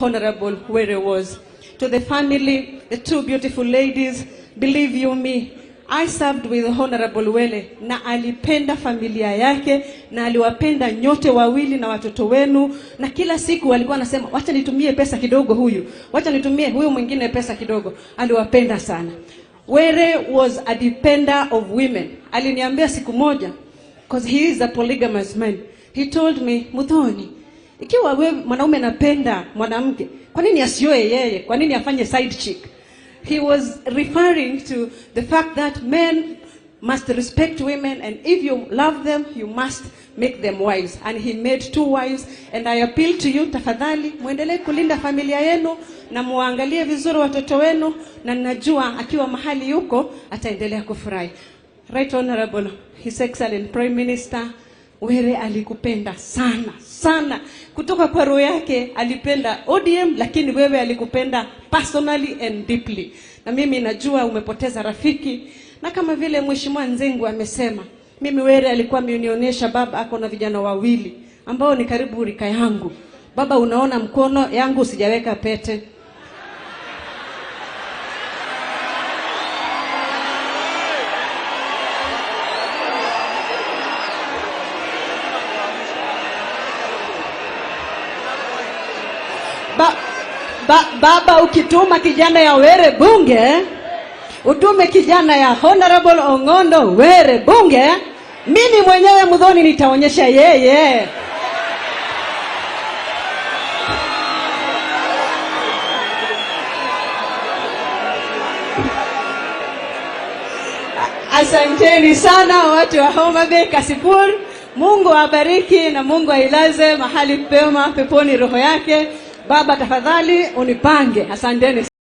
Honorable where it was. To the family, the two beautiful ladies, believe you me, I served with Honorable wele na alipenda familia yake na aliwapenda nyote wawili na watoto wenu, na kila siku alikuwa anasema wacha nitumie pesa kidogo huyu, wacha nitumie huyu mwingine pesa kidogo. Aliwapenda sana. Were was a depender of women. Aliniambia siku moja, because he is a polygamous man. He told me, Muthoni, ikiwa we mwanaume anapenda mwanamke, kwa nini asioe yeye? Kwa nini afanye side chick? He was referring to the fact that men must respect women and if you love them you must make them wives and he made two wives and I appeal to you tafadhali mwendelee kulinda familia yenu na muangalie vizuri watoto wenu na najua akiwa mahali yuko ataendelea kufurahi right honorable his excellent prime minister Were alikupenda sana sana, kutoka kwa roho yake alipenda ODM, lakini wewe alikupenda personally and deeply. Na mimi najua umepoteza rafiki, na kama vile mheshimiwa Nzengu amesema, mimi Were alikuwa amenionyesha baba ako na vijana wawili ambao ni karibu rika yangu. Baba, unaona mkono yangu sijaweka pete ba, ba, baba ukituma kijana ya Were bunge, utume kijana ya Honorable Ong'ondo Were bunge, mimi mwenyewe Mudhoni nitaonyesha yeye Asanteni sana watu wa Homa Bay Mungu awabariki na Mungu ailaze mahali pema peponi roho yake. Baba tafadhali unipange. Asanteni.